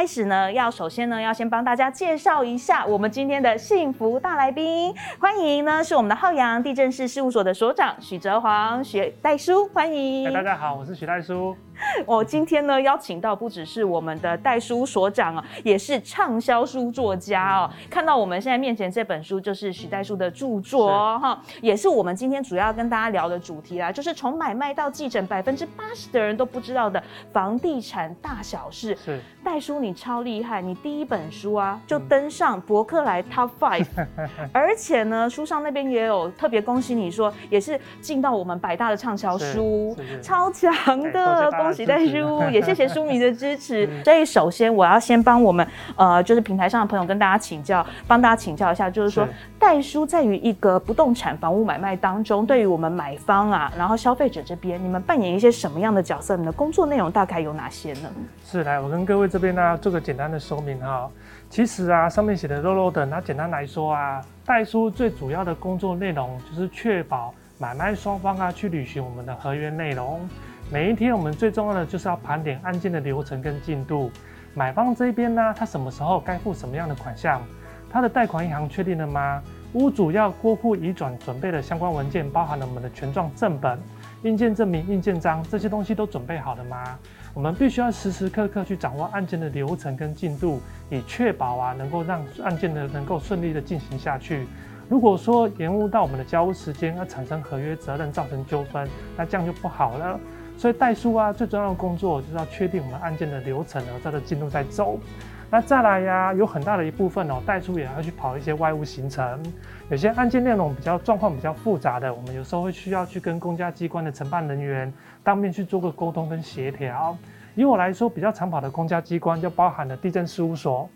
開始呢，要首先呢，要先幫大家介紹一下我們今天的幸福大來賓。歡迎呢，是我們的浩洋地政士事務所的所長許哲煌，許代書，歡迎。大家好，我是許代書。我、哦、今天呢邀請到不只是我們的代書所長啊，也是暢銷書作家哦。看到我們現在面前這本書就是許代書的著作哦，也是我們今天主要跟大家聊的主題啦、啊，就是從買賣到繼承百分之八十的人都不知道的房地產大小事。代書你超厲害，你第一本書啊就登上博客來 Top Five，而且呢書上那邊也有特別恭喜你說，也是進到我們百大的暢銷書，是是超強的、欸、恭喜。代書也謝謝書迷的支持。所以首先我要先幫我們呃，就是平台上的朋友跟大家請教，幫大家請教一下，就是說代書在於一個不動產房屋買賣當中，對於我們買方啊，然後消費者這邊，你們扮演一些什麼樣的角色？你的工作內容大概有哪些呢？是，來我跟各位這邊呢、啊、做個簡單的說明哈、啊。其實啊，上面寫的肉肉的，那簡單來說啊，代書最主要的工作內容就是確保買賣雙方啊去履行我們的合約內容。每一天，我們最重要的就是要盤點案件的流程跟進度。買方這邊呢、啊，他什麼時候該付什麼樣的款項？他的貸款銀行確定了嗎？屋主要過戶移轉，準備的相關文件包含了我們的權狀正本、印鑑證明、印鑑章這些東西都準備好了嗎？我們必須要時時刻刻去掌握案件的流程跟進度，以確保啊能夠讓案件的能夠順利的進行下去。如果說延誤到我們的交屋時間而產生合約責任，造成糾紛，那這樣就不好了。所以代書啊，最重要的工作就是要確定我們案件的流程啊，在這的進度在走。那再來呀、啊，有很大的一部分哦、喔，代書也要去跑一些外務行程。有些案件內容比較狀況比較複雜的，我們有時候會需要去跟公家機關的承辦人員當面去做個溝通跟協調。以我來說，比較常跑的公家機關就包含了地政事務所、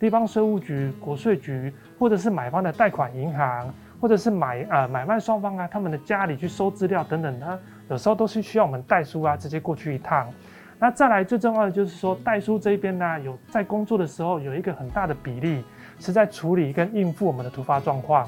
地方稅務局、國稅局，或者是買方的貸款銀行。或者是買啊、呃、買賣雙方啊，他們的家裡去收資料等等，他有時候都是需要我們代書啊直接過去一趟。那再來最重要的就是說代書這邊呢，有在工作的時候有一個很大的比例是在處理跟應付我們的突發狀況。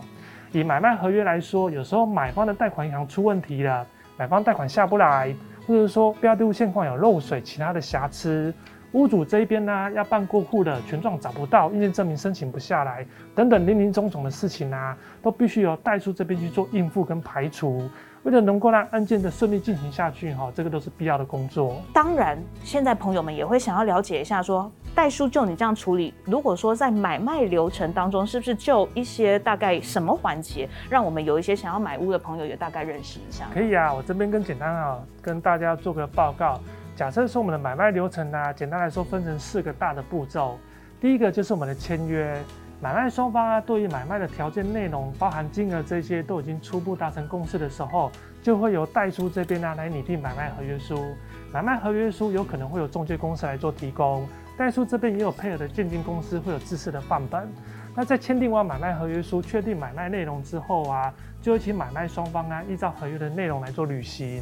以買賣合約來說，有時候買方的貸款銀行出問題了，買方貸款下不來，或者是說標的物現況有漏水、其他的瑕疵。屋主這邊呢、啊，要辦過戶的權狀找不到，印鑑證明申請不下來，等等林林總總的事情啊，都必須由代書這邊去做應付跟排除。為了能夠讓案件的順利進行下去，哈、哦，這個都是必要的工作。當然，現在朋友們也會想要了解一下說，說代書就你這樣處理，如果說在買賣流程當中，是不是就一些大概什麼環節，讓我們有一些想要買屋的朋友也大概認識一下？可以啊，我這邊更簡單啊，跟大家做個報告。假設說我們的買賣流程呢、啊，簡單來說分成四個大的步驟。第一個就是我們的簽約，買賣雙方啊，對於買賣的條件內容，包含金額這些都已經初步達成共識的時候，就會由代書這邊呢、啊、來擬定買賣合約書。買賣合約書有可能會有仲介公司來做提供，代書這邊也有配合的建經公司會有制式的範本。那在簽訂完買賣合約書，確定買賣內容之後啊，就會請買賣雙方啊依照合約的內容來做履行。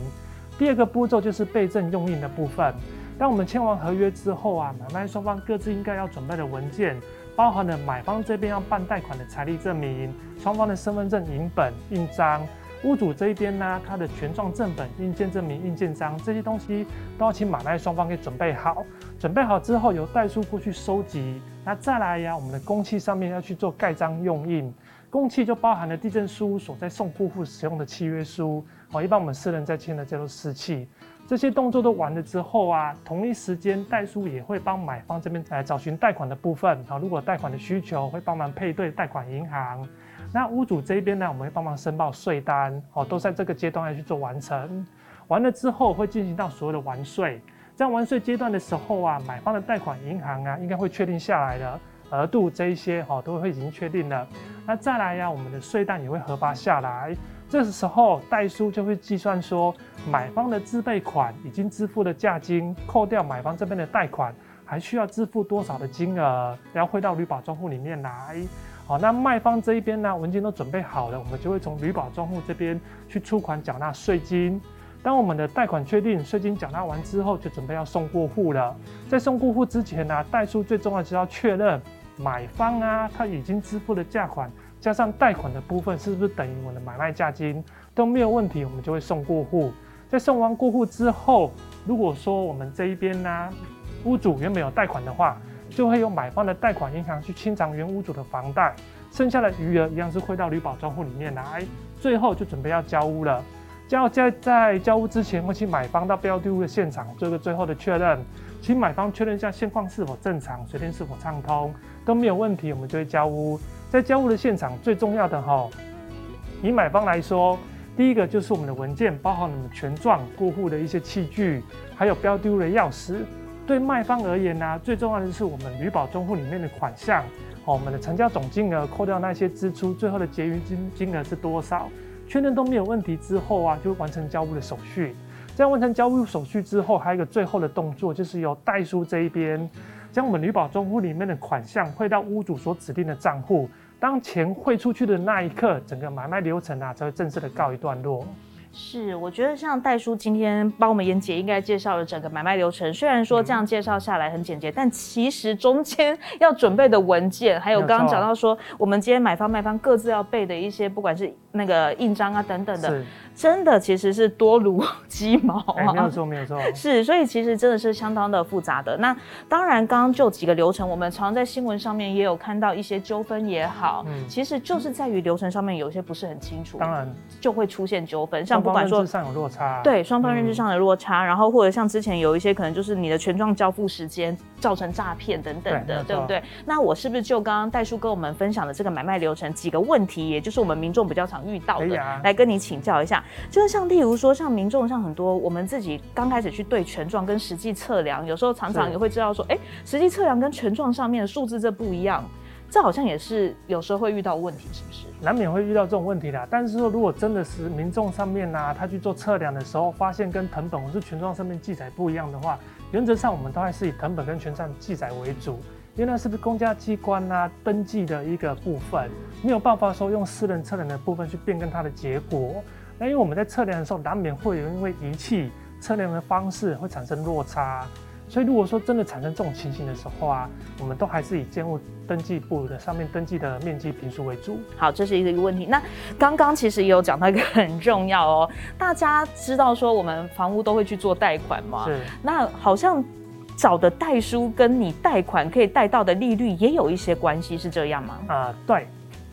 第二個步驟就是備證用印的部分。當我們簽完合約之後啊，買賣雙方各自應該要準備的文件，包含了買方這邊要辦貸款的財力證明，雙方的身份證影本、印章；屋主這一邊呢，他的權狀正本、印鑑證明、印鑑章這些東西，都要請買賣雙方給準備好。準備好之後，由代書過去收集。那再來呀、啊，我們的公契上面要去做蓋章用印，公契就包含了地政書所在送過戶使用的契約書。哦，一般我們私人在簽的這都是私契。這些動作都完了之後啊，同一時間，代書也會幫買方這邊來找尋貸款的部分。好，如果貸款的需求會幫忙配對貸款銀行。那屋主這邊呢，我們會幫忙申報稅單，好，都在這個階段要去做完成。完了之後會進行到所有的完稅，在完稅階段的時候啊，買方的貸款銀行啊，應該會確定下來的額度這一些，好，都會已經確定了。那再來呀、啊，我們的稅單也會核發下來。這時候，代書就會計算說，買方的自備款已經支付的價金，扣掉買方這邊的貸款，還需要支付多少的金額，要匯到履保賬戶裡面來。好，那賣方這一邊呢、啊，文件都準備好了，我們就會從履保賬戶這邊去出款繳納稅金。當我們的貸款確定，稅金繳納完之後，就準備要送過戶了。在送過戶之前呢、啊，代書最重要的是要確認買方啊，他已經支付的價款。加上貸款的部分，是不是，等於我們的買賣價金都沒有問題？我們就會送過戶。在送完過戶之後，如果說我們這一邊呢、啊，屋主原本有貸款的話，就會由買方的貸款銀行去清償原屋主的房貸，剩下的餘額一樣是匯到履保賬戶裡面來。最後就準備要交屋了。交在在交屋之前，會去買方到標的物的現場做一個最後的確認。請買方確認一下現況是否正常、水電是否暢通，都沒有問題，我們就會交屋。在交屋的現場，最重要的哈、哦，以買方來說，第一個就是我們的文件，包含我們權狀、過戶的一些器具，還有標的物的鑰匙。對賣方而言呢、啊，最重要的是我們履保專戶裡面的款項，哦、我們的成交總金額扣掉那些支出，最後的結餘金金額是多少？確認都沒有問題之後啊，就完成交屋的手續。這樣完成交易手續之後，還有一個最後的動作，就是由代書這一邊將我們履保專戶裡面的款項匯到屋主所指定的賬戶。當錢匯出去的那一刻，整個買賣流程啊才會正式的告一段落。是，我覺得像代書今天幫我們妍姐應該介紹了整個買賣流程，雖然說這樣介紹下來很簡潔，嗯，但其實中間要準備的文件，還有剛剛講到說我們今天買方賣方各自要備的一些，不管是那個印章啊等等的，真的其實是多如雞毛啊，欸。沒有錯，沒有錯。是，所以其實真的是相當的複雜的。那當然，剛剛就幾個流程，我們常常在新聞上面也有看到一些糾紛也好，嗯，其實就是在於流程上面有些不是很清楚。當然就會出現糾紛，像不管說雙方認知上有落差，對，雙方認知上的落差，嗯，然後或者像之前有一些可能就是你的權狀交付時間造成詐騙等等的，對，對不對？那我是不是就剛剛戴叔跟我們分享的這個買賣流程幾個問題，也就是我們民眾比較常。遇到的、哎、呀，來跟你請教一下，就是像例如說像民眾像很多我們自己剛開始去對權狀跟實際測量，有時候常常也會知道說，哎、欸，實際測量跟權狀上面的數字這不一樣，這好像也是有時候會遇到問題，是不是？難免會遇到這種問題的。但是說如果真的是民眾上面呢、啊，他去做測量的時候，發現跟謄本或是權狀上面記載不一樣的話，原則上我們都還是以謄本跟權狀記載為主。因為是不是公家機關啊登記的一個部分，沒有辦法說用私人測量的部分去變更它的結果。那因為我們在測量的時候，難免會有因為儀器測量的方式會產生落差，所以如果說真的產生這種情形的時候啊，我們都還是以建物登記簿的上面登記的面積坪數為主。好，這是一個一個問題。那剛剛其實也有講到一個很重要哦，大家知道說我們房屋都會去做貸款嗎？是。那好像。找的代書跟你貸款可以貸到的利率也有一些關係，是這樣嗎？啊、呃，對。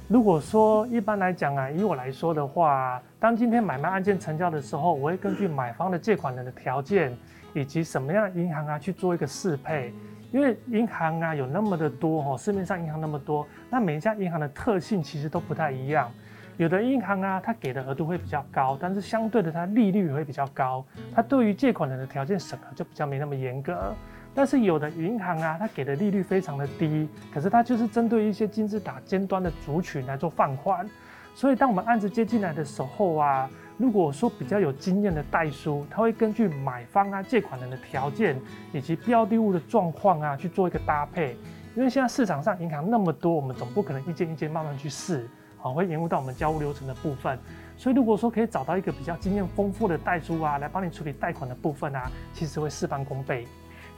如果說一般來講啊，以我來說的話，當今天買賣案件成交的時候，我會根據買方的借款人的條件，以及什麼樣的銀行啊去做一個適配，因為銀行啊有那麼的多哈，市面上銀行那麼多，那每一家銀行的特性其實都不太一樣。有的銀行啊，它給的額度會比較高，但是相對的它利率也會比較高，它對於借款人的條件審核就比較沒那麼嚴格。但是有的銀行啊，它給的利率非常的低，可是它就是針對一些金字塔尖端的族群來做放款。所以當我們案子接進來的時候啊，如果說比較有經驗的代書，他會根據買方啊、借款人的條件以及標的物的狀況啊，去做一個搭配。因為現在市場上銀行那麼多，我們總不可能一件一件慢慢去試，啊，會延誤到我們交屋流程的部分。所以如果說可以找到一個比較經驗豐富的代書啊，來幫你處理貸款的部分啊，其實會事半功倍。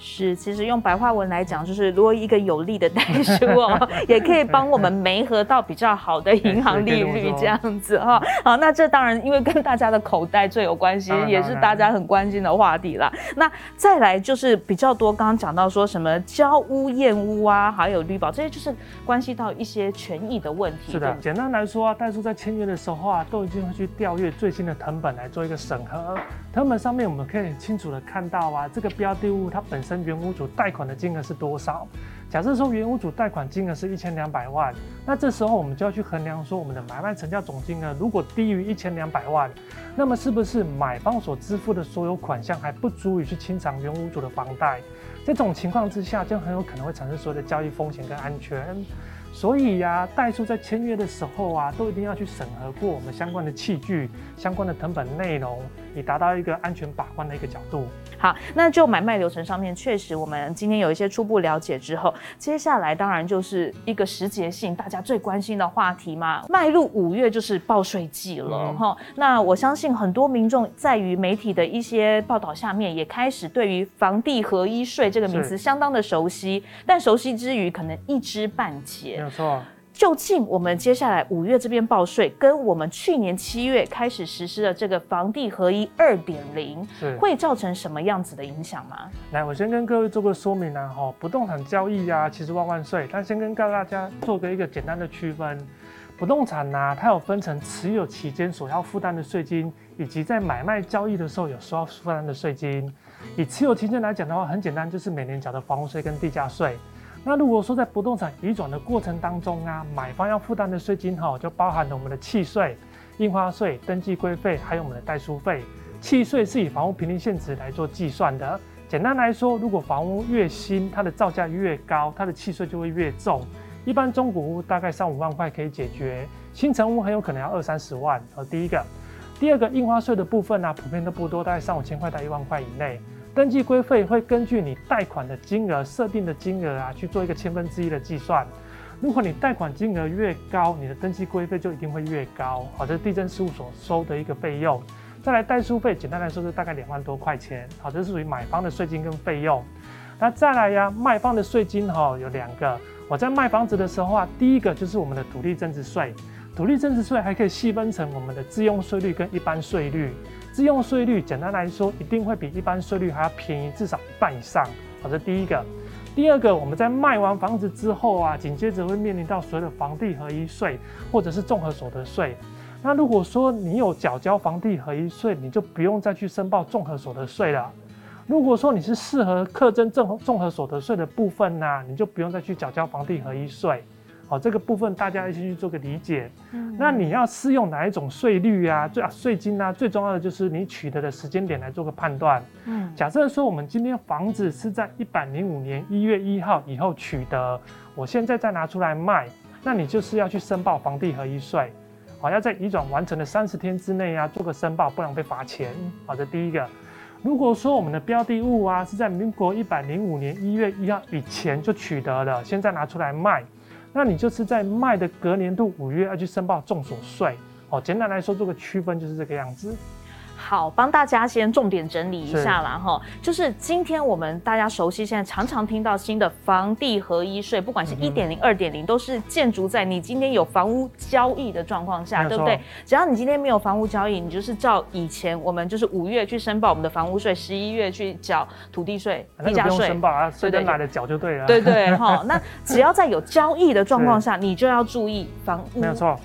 是，其實用白話文來講，就是如果一個有利的代書哦， 也可以幫我們媒合到比較好的銀行利率這，這樣子哈、哦嗯。好，那這當然因為跟大家的口袋最有關係，嗯、也是大家很關心的話題了、嗯嗯嗯。那再來就是比較多，剛剛講到說什麼交屋驗屋啊，還有綠寶這些，就是關係到一些權益的問題。是的，簡單來說啊，代書在簽約的時候啊，都已經會去調閱最新的謄本來做一個審核。謄本上面我們可以很清楚的看到啊，這個標的物它本身。跟原屋主貸款的金額是多少？假設說原屋主貸款金額是一千兩百萬，那這時候我們就要去衡量說，我們的買賣成交總金額如果低於一千兩百萬，那麼是不是買方所支付的所有款項還不足以去清償原屋主的房貸？在這種情況之下，就很有可能會產生所謂的交易風險跟安全。所以呀、啊，代書在簽約的時候啊，都一定要去審核過我們相關的契據、相關的謄本內容。以達到一個安全把關的一個角度。好，那就買賣流程上面確實我們今天有一些初步了解之後，接下來當然就是一個時節性大家最關心的話題嘛。邁入五月就是報稅季了哈、嗯。那我相信很多民眾在於媒體的一些報道下面，也開始對於“房地合一稅”這個名詞相當的熟悉，但熟悉之餘可能一知半解。沒有錯。究竟我們接下來五月這邊報稅，跟我們去年七月開始實施的這個房地合一二點零，會造成什麼樣子的影響嗎？來，我先跟各位做個說明啊，哈，不動產交易啊，其實萬萬稅。但先跟告大家做個一個簡單的區分，不動產吶、啊，它有分成持有期間所要負擔的稅金，以及在買賣交易的時候有需要負擔的稅金。以持有期間來講的話，很簡單，就是每年繳的房屋稅跟地價稅。那如果說在不動產移轉的過程當中啊，買方要負擔的稅金哈、啊，就包含了我們的契稅、印花稅、登記規費，還有我們的代書費。契稅是以房屋評定現值來做計算的。簡單來說，如果房屋越新，它的造價越高，它的契稅就會越重。一般中古屋大概三五萬塊可以解決，新成屋很有可能要二三十萬。而第一個，第二個印花稅的部分呢、啊，普遍都不多，大概三五千塊到一萬塊以內。登記規費會根據你貸款的金額設定的金額啊去做一個千分之一的計算，如果你貸款金額越高，你的登記規費就一定會越高。好、哦，這、就是地政事務所收的一個費用。再來代書費，簡單來說是大概兩萬多塊錢。好、哦，這是屬於買方的稅金跟費用。那再來呀、啊，賣方的稅金哈、哦、有兩個。我在賣房子的時候啊，第一個就是我們的土地增值稅。土地增值稅還可以細分成我們的自用稅率跟一般稅率。自用稅率簡單來說，一定會比一般稅率還要便宜至少一半以上。好，這第一個。第二個，我們在賣完房子之後啊，緊接着會面臨到所有的房地合一稅或者是綜合所得稅。那如果說你有繳交房地合一稅，你就不用再去申報綜合所得稅了。如果說你是適合課徵綜綜合所得稅的部分呢、啊，你就不用再去繳交房地合一稅。好，這個部分大家一起去做個理解。嗯，那你要適用哪一種稅率啊？最啊稅金啊，最重要的就是你取得的時間點來做個判斷。嗯，假設說我們今天房子是在一百零五年一月一號以後取得，我現在再拿出來賣，那你就是要去申報房地合一稅。好，要在移轉完成的三十天之內啊做個申報，不然被罰錢，嗯。好的，第一個，如果說我們的標的物啊是在民國一百零五年一月一號以前就取得的，現在拿出來賣。那你就是在賣的隔年度五月要去申報綜所稅。哦，簡單來說，做個區分就是這個樣子。好，幫大家先重點整理一下啦。哈，就是今天我們大家熟悉，現在常常聽到新的房地合一稅，不管是一點零、二點零，都是建築在你今天有房屋交易的狀況下，對不對？只要你今天沒有房屋交易，你就是照以前我們就是五月去申報我們的房屋稅，十一月去繳土地稅、地價稅。啊那個不用申報啊，隨便買了繳就對了。對對哈，那 只要在有交易的狀況下，你就要注意房屋。沒有錯。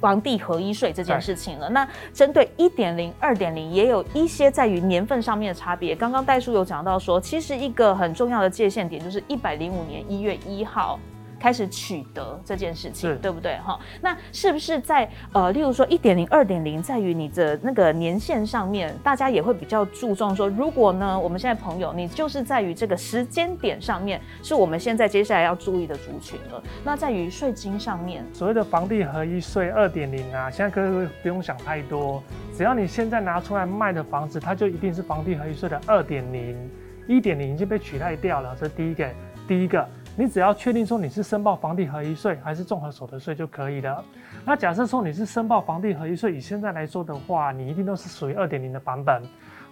房地合一稅這件事情了。那針對一點零、二點零也有一些在於年份上面的差別。剛剛代書有講到說，其實一個很重要的界限點就是一百零五年一月一號。開始取得這件事情，對不對哈？那是不是在呃，例如說一點零、二點零，在於你的那個年限上面，大家也會比較注重說，如果呢，我們現在朋友你就是在於這個時間點上面，是我們現在接下來要注意的族群了。那在於稅金上面，所謂的房地合一稅二點零啊，現在各位不，不用想太多，只要你現在拿出來賣的房子，它就一定是房地合一稅的二點零，一點零已經被取代掉了，這是第一個，第一個。你只要確定說你是申報房地合一稅還是綜合所得稅就可以了。那假設說你是申報房地合一稅，以現在來說的話，你一定都是屬於二點零的版本。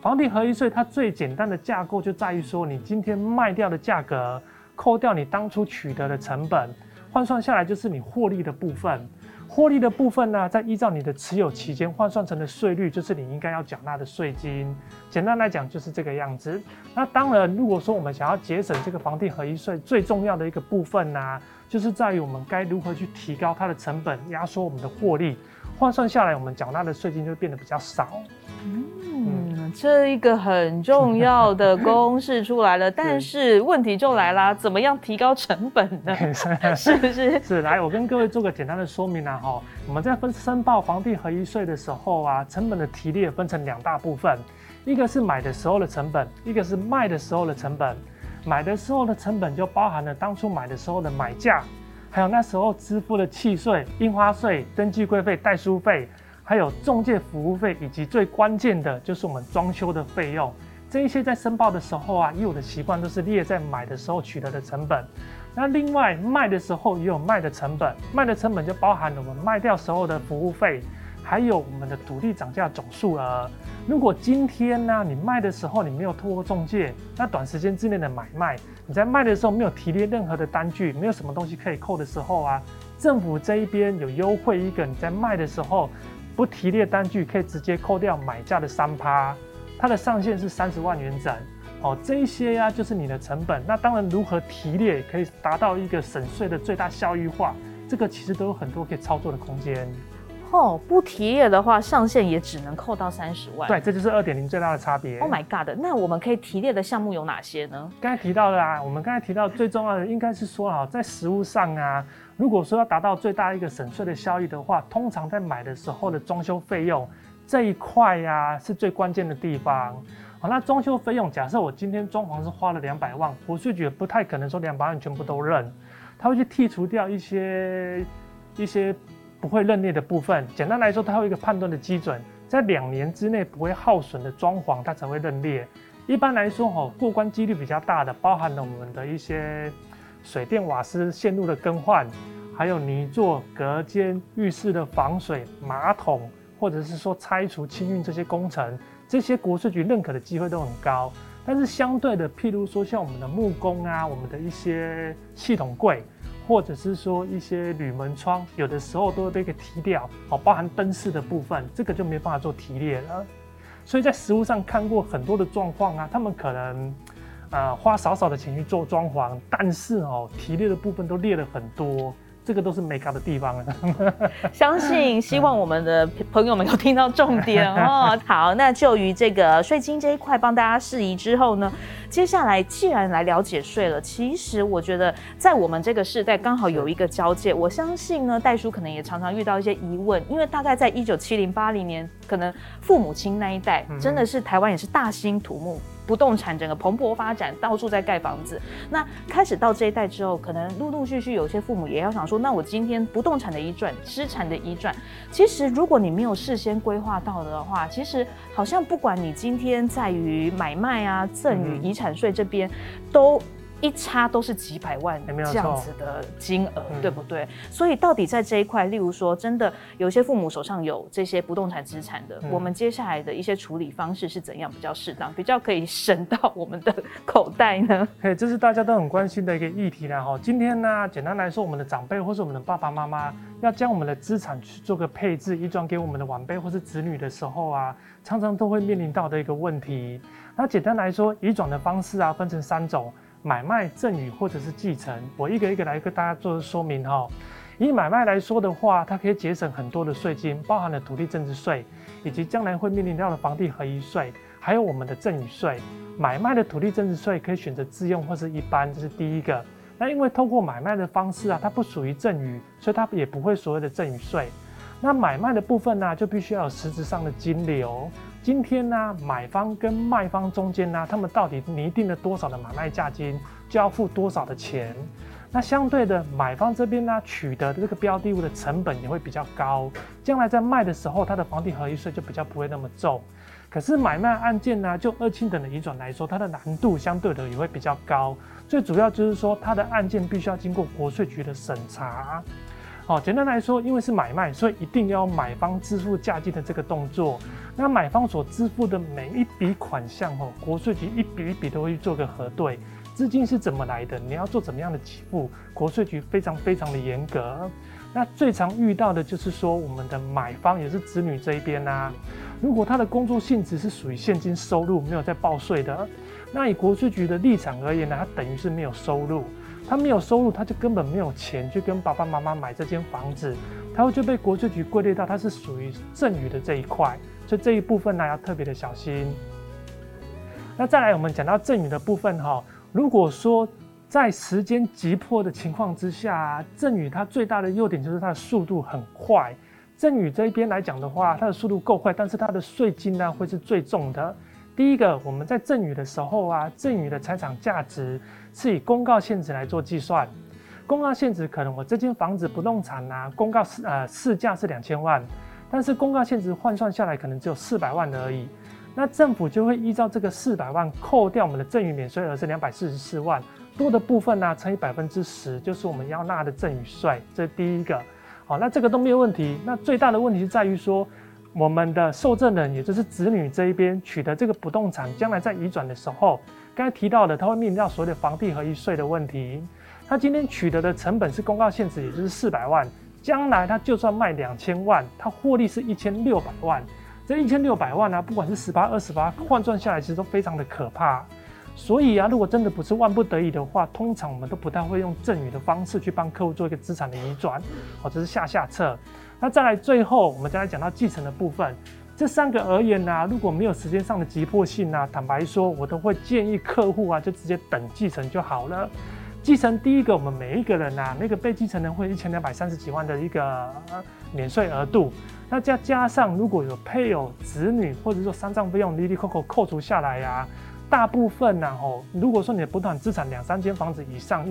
房地合一稅它最簡單的架構就在於說，你今天賣掉的價格，扣掉你當初取得的成本，換算下來就是你獲利的部分。獲利的部分呢，在依照你的持有期間換算成的稅率，就是你應該要繳納的稅金。簡單來講就是這個樣子。那當然，如果說我們想要節省這個房地合一稅，最重要的一個部分呢、啊，就是在於我們該如何去提高它的成本，壓縮我們的獲利，換算下來，我們繳納的稅金就會變得比較少。嗯，嗯。這一個很重要的公式出來了， 但是問題就來啦， 怎麼樣提高成本呢？ 是，是不是？是來我跟各位做個簡單的說明啊，哈， 我們在分申報房地合一稅的時候啊，成本的提列也分成兩大部分，一個是買的時候的成本，一個是賣的時候的成本。買的時候的成本就包含了當初買的時候的買價，還有那時候支付的契稅、印花稅、登記規費、代書費。還有中介服務費，以及最關鍵的就是我們裝修的費用，這一些在申報的時候啊，以我的習慣都是列在買的時候取得的成本。那另外賣的時候也有賣的成本，賣的成本就包含了我們賣掉時候的服務費，還有我們的土地漲價總數額。如果今天呢、啊，你賣的時候你沒有透過中介，那短時間之內的買賣，你在賣的時候沒有提列任何的單據，沒有什麼東西可以扣的時候啊，政府這一邊有優惠一個你在賣的時候。不提列單據可以直接扣掉買價的三趴，它的上限是三十萬元整。哦。這一些呀、啊、就是你的成本。那當然，如何提列可以達到一個省稅的最大效益化，這個其實都有很多可以操作的空間。哦，不提列的話，上限也只能扣到三十萬。對，這就是二點零最大的差別。Oh my god！那我們可以提列的項目有哪些呢？剛才提到的啊，我們剛才提到最重要的應該是說啊，在實務上啊，如果說要達到最大一個省稅的效益的話，通常在買的時候的裝修費用這一塊呀、啊，是最關鍵的地方。好，那裝修費用，假設我今天裝潢是花了兩百萬，我是覺得不太可能說兩百萬全部都認，他會去剔除掉一些一些，不會認列的部分，簡單來說，它有一個判斷的基準，在兩年之內不會耗損的裝潢，它才會認列。一般來說，哈過關幾率比較大的，包含了我們的一些水電瓦斯線路的更換，還有泥作隔間、浴室的防水、馬桶，或者是說拆除清運這些工程，這些國稅局認可的機會都很高。但是相對的，譬如說像我們的木工啊，我們的一些系統櫃。或者是說一些鋁門窗，有的時候都會被給剔掉，好，包含燈飾的部分，這個就沒辦法做提列了。所以在實物上看過很多的狀況啊，他們可能啊、呃、花少少的錢去做裝潢，但是哦，提列的部分都列了很多。這個都是美高的地方了，相信希望我們的朋友們都聽到重點哦。好，那就於這個稅金這一塊幫大家釋疑之後呢，接下來既然來了解稅了，其實我覺得在我們這個世代剛好有一個交界，我相信呢，戴叔可能也常常遇到一些疑問，因為大概在一九七零八零年，可能父母親那一代真的是台灣也是大興土木。不動產整個蓬勃發展，到處在蓋房子，那開始到這一代之後，可能陸陸續續有些父母也要想說，那我今天不動產的一轉，資產的一轉，其實如果你沒有事先規劃到的話，其實好像不管你今天在於買賣啊、贈與、遺產稅這邊，都。一差都是幾百萬這樣子的金額、欸，對不對、嗯？所以到底在這一塊，例如說，真的有些父母手上有這些不動產資產的、嗯，我們接下來的一些處理方式是怎樣比較適當，比較可以省到我們的口袋呢？嘿，這是大家都很關心的一個議題啦。哈，今天呢、啊，簡單來說，我們的長輩或是我們的爸爸媽媽，要將我們的資產去做個配置、移轉給我們的晚輩或是子女的時候啊，常常都會面臨到的一個問題。那簡單來說，移轉的方式啊，分成三種。買賣、贈與或者是繼承，我一個一個來，跟大家做說明哈、哦。以買賣來說的話，它可以節省很多的稅金，包含了土地增值稅，以及將來會面臨到的房地合一稅，還有我們的贈與稅。買賣的土地增值稅可以選擇自用或是一般，這是第一個。那因為透過買賣的方式啊，它不屬於贈與，所以它也不會所謂的贈與稅。那買賣的部分呢、啊，就必須要有實質上的金流。今天呢、啊，買方跟賣方中間呢、啊，他們到底擬定了多少的買賣價金，就要付多少的錢。那相對的，買方這邊呢、啊，取得這個標的物的成本也會比較高，將來在賣的時候，它的房地合一稅就比較不會那麼重。可是買賣案件呢、啊，就二親等的移轉來說，它的難度相對的也會比較高。最主要就是說，它的案件必須要經過國稅局的審查。好，簡單來說，因為是買賣，所以一定要買方支付價金的這個動作。那買方所支付的每一筆款項，吼，國稅局一筆一筆都會去做個核對，資金是怎麼來的，你要做怎麼樣的支付？國稅局非常非常的嚴格。那最常遇到的就是說，我們的買方也是子女這一邊吶、啊，如果他的工作性質是屬於現金收入，沒有在報稅的，那以國稅局的立場而言呢，他等於是沒有收入。他沒有收入，他就根本沒有錢去跟爸爸媽媽買這間房子，他會就被國稅局歸類到他是屬於贈與的這一塊，所以這一部分呢，要特別的小心。那再來，我們講到贈與的部分哈，如果說在時間急迫的情況之下，贈與它最大的優點就是它的速度很快。贈與這一邊來講的話，它的速度夠快，但是它的稅金呢會是最重的。第一個，我們在贈與的時候啊，贈與的財產價值是以公告現值來做計算。公告現值，可能我這間房子不動產啊，公告呃市呃市價是兩千萬，但是公告現值換算下來可能只有四百萬而已。那政府就會依照這個四百萬扣掉我們的贈與免稅額是兩百四十四萬多的部分呢、啊，乘以百分之十，就是我們要納的贈與稅。這是第一個，好，那這個都沒有問題。那最大的問題是在於說。我們的受贈人，也就是子女這一邊取得這個不動產，將來在移轉的時候，剛才提到的，他會面臨到所謂的房地合一稅的問題。他今天取得的成本是公告現值，也就是四百萬。將來他就算賣兩千萬，他獲利是一千六百萬。這一千六百萬呢、啊，不管是十八、二十八換算下來，其實都非常的可怕。所以啊，如果真的不是萬不得已的話，通常我們都不太會用贈與的方式去幫客戶做一個資產的移轉，或者是下下策。那再來最後，我們再來講到繼承的部分。這三個而言呢、啊，如果沒有時間上的急迫性呢、啊，坦白說，我都會建議客戶啊，就直接等繼承就好了。繼承第一個，我們每一個人吶、啊，那個被繼承人會有一千兩百三十幾萬的一個免稅額度。那再加上如果有配偶、子女或者說喪葬費用，利利扣扣扣除下來呀、啊。大部分呢，哦，如果說你的不動產資產兩三間房子以上，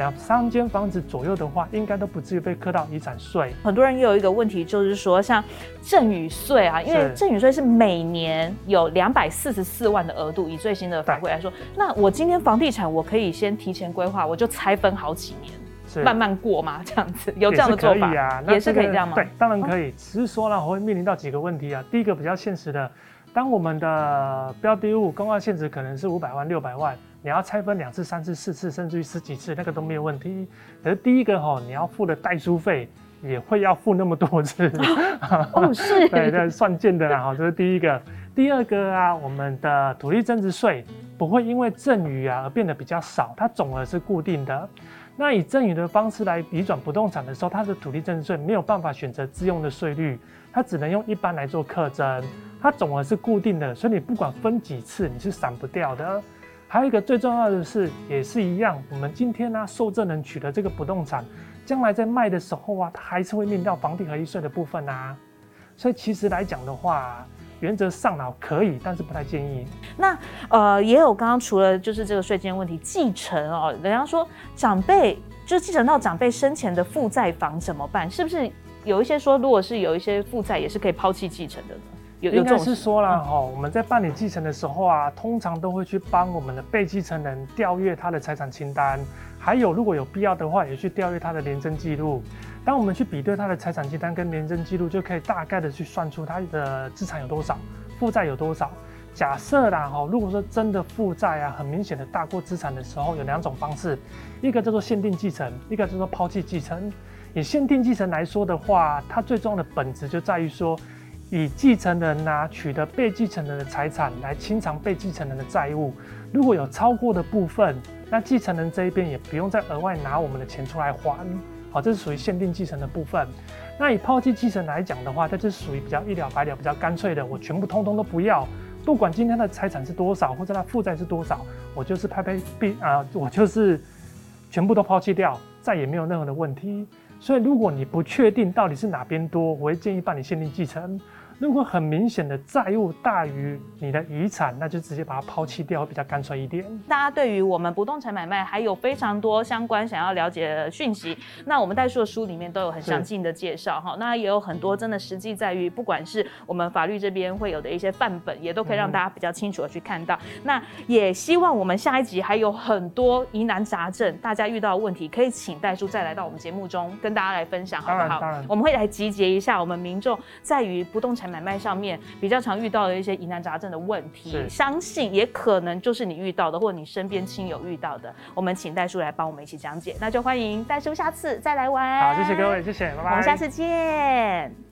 兩三間房子左右的話，應該都不至於被課到遺產稅。很多人也有一個問題，就是說像贈與稅啊，因為贈與稅是每年有兩百四十四萬的額度，以最新的法規來說，那我今天房地產我可以先提前規劃，我就拆分好幾年、啊，慢慢過嘛，這樣子有這樣的做法也可以、啊，也是可以這樣嗎？對，當然可以，只是說呢，我會面臨到幾個問題啊。第一個比較現實的，當我們的標的物公告現值可能是五百萬、六百萬。你要拆分兩次、三次、四次，甚至於十幾次，那個都沒有問題。可是第一個哈、哦，你要付的代書費也會要付那麼多次，哦哦、 對，對，算賤的啦。這 是第一個。第二個啊，我們的土地增值稅不會因為贈與啊而變得比較少，它總額是固定的。那以贈與的方式來移轉不動產的時候，它的土地增值稅沒有辦法選擇自用的稅率，它只能用一般來做課徵，它總額是固定的，所以你不管分幾次，你是省不掉的。還有一個最重要的是，也是一樣，我們今天呢、啊，受贈人取得這個不動產，將來在賣的時候啊，它還是會面到房地合一稅的部分啊。所以其實來講的話，原則上呢可以，但是不太建議。那呃，也有剛剛除了就是這個稅金問題，繼承哦，人家說長輩就繼承到長輩生前的負債房怎麼辦？是不是有一些說，如果是有一些負債，也是可以拋棄繼承的呢？應該是說啦哈、嗯，我們在辦理繼承的時候啊，通常都會去幫我們的被繼承人調閱他的財產清單，還有如果有必要的話，也去調閱他的聯徵紀錄。當我們去比對他的財產清單跟聯徵紀錄，就可以大概的去算出他的資產有多少，負債有多少。假設啦哈，如果說真的負債啊很明顯的大過資產的時候，有兩種方式，一個叫做限定繼承，一個叫做拋棄繼承。以限定繼承來說的話，它最重要的本質就在於說，以繼承人啊取得被繼承人的財產來清償被繼承人的債務，如果有超過的部分，那繼承人這一邊也不用再額外拿我們的錢出來還，好，這是屬於限定繼承的部分。那以拋棄繼承來講的話，它就屬於比較一了百了，比較乾脆的，我全部通通都不要，不管今天的財產是多少或者他負債是多少，我就是拍拍幣啊、呃，我就是全部都拋棄掉，再也沒有任何的問題。所以，如果你不確定到底是哪邊多，我會建議辦理限定繼承。如果很明顯的債務大於你的遺產，那就直接把它拋棄掉，比較乾脆一點。大家對於我們不動產買賣還有非常多相關想要了解的訊息，那我們代書的書裡面都有很詳盡的介紹哈、哦。那也有很多真的實際在於，不管是我們法律這邊會有的一些範本，也都可以讓大家比較清楚的去看到、嗯。那也希望我們下一集還有很多疑難雜症，大家遇到的問題可以請代書再來到我們節目中跟大家來分享，好不好？當然，當然。我們會來集結一下我們民眾在於不動產買賣上面比較常遇到的一些疑難雜症的問題，相信也可能就是你遇到的，或者你身邊親友遇到的，我們請代書來幫我們一起講解，那就歡迎代書下次再來玩。好，謝謝各位，謝謝，拜拜，我們下次見。